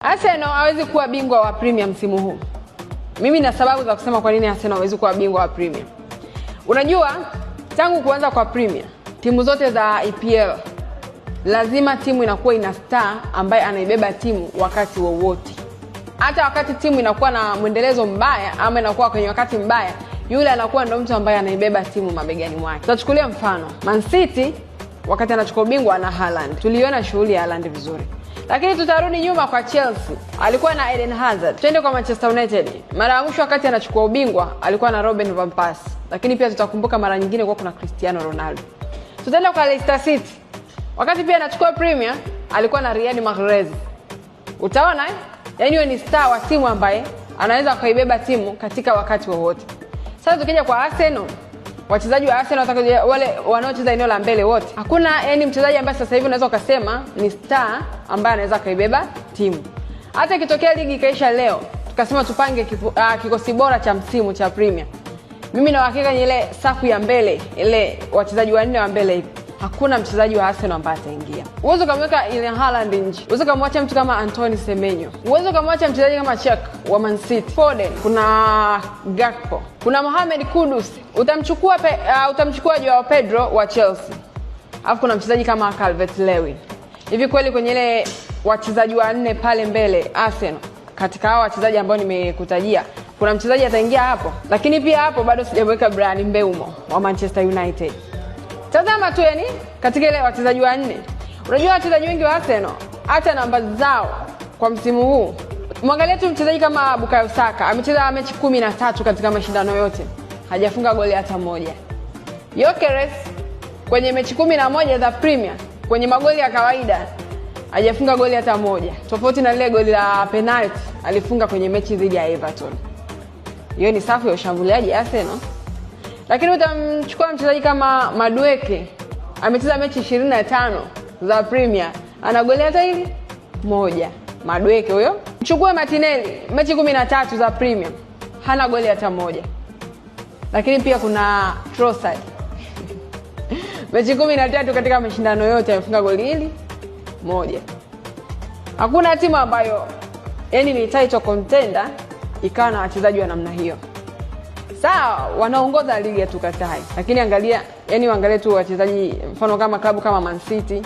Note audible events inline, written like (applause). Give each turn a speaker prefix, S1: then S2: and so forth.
S1: Arsenal hawezi kuwa bingwa wa Premier msimu huu. Mimi na sababu za kusema kwa nini Arsenal hawezi kuwa bingwa wa Premier. Unajua, tangu kuanza kwa Premier, timu zote za EPL lazima timu inakuwa ina star ambaye anaibeba timu wakati wowote hata wakati timu inakuwa na mwendelezo mbaya ama inakuwa kwenye wakati mbaya, yule anakuwa ndo mtu ambaye anaibeba timu mabegani mwake. Tutachukulia mfano Man City wakati anachukua ubingwa na Haaland. Tuliona shughuli ya Haaland vizuri, lakini tutarudi nyuma kwa Chelsea, alikuwa na Eden Hazard. Twende kwa Manchester United, mara ya mwisho wakati anachukua ubingwa alikuwa na Robin van Persie, lakini pia tutakumbuka mara nyingine kuwa kuna Cristiano Ronaldo. Tutaenda kwa Leicester City, wakati pia anachukua Premier alikuwa na Riyad Mahrez. Utaona eh? Yaani huyo ni star wa timu ambaye anaweza akaibeba timu katika wakati wowote sasa tukija kwa Arsenal wachezaji wa Arsenal watakaje, wale wanaocheza eneo la mbele wote, hakuna yani mchezaji ambaye sasa hivi unaweza ukasema ni star ambaye anaweza akaibeba timu. Hata ikitokea ligi ikaisha leo, tukasema tupange kipu, uh, ah, kikosi bora cha msimu cha Premier, mimi na uhakika ile safu ya mbele, ile wachezaji wanne wa mbele hivi hakuna mchezaji wa Arsenal ambaye ataingia. Uwezo kamweka Erling Haaland nje, uwezo kamwacha mtu kama Antoine Semenyo, uwezo kamwacha mchezaji kama Chak wa Man City, Foden, kuna Gakpo, kuna Mohamed Kudus, utamchukua pe, uh, utamchukua Joao Pedro wa Chelsea, alafu kuna mchezaji kama Calvert Lewin. Hivi kweli kwenye ile wachezaji wanne pale mbele Arsenal, katika hao wachezaji ambao nimekutajia kuna mchezaji ataingia hapo, lakini pia hapo bado sijamweka Bryan Mbeumo wa Manchester United. Tazama tu yani, katika ile wachezaji wanne, unajua wachezaji wengi wa Arsenal hata namba zao kwa msimu huu, mwangalie tu mchezaji kama Bukayo Saka amecheza mechi kumi na tatu katika mashindano yote, hajafunga goli hata moja. yokeres kwenye mechi kumi na moja za Premier kwenye magoli ya kawaida hajafunga goli hata moja, tofauti na lile goli la penalty alifunga kwenye mechi dhidi ya Everton. Hiyo ni safu ya ushambuliaji Arsenal. Lakini utamchukua mchezaji kama Madueke amecheza mechi ishirini na tano za Premier, ana goli hata hili moja. madweke huyo. Mchukue matineli mechi kumi na tatu za Premier, hana goli hata moja. Lakini pia kuna Trossard (laughs) mechi kumi na tatu katika mashindano yote amefunga goli hili moja. Hakuna timu ambayo yani ni title contender ikawa na wachezaji wa namna hiyo sawa, wanaongoza ligi ya tukatai, lakini angalia, yani waangalie tu wachezaji, mfano kama klabu kama Man City,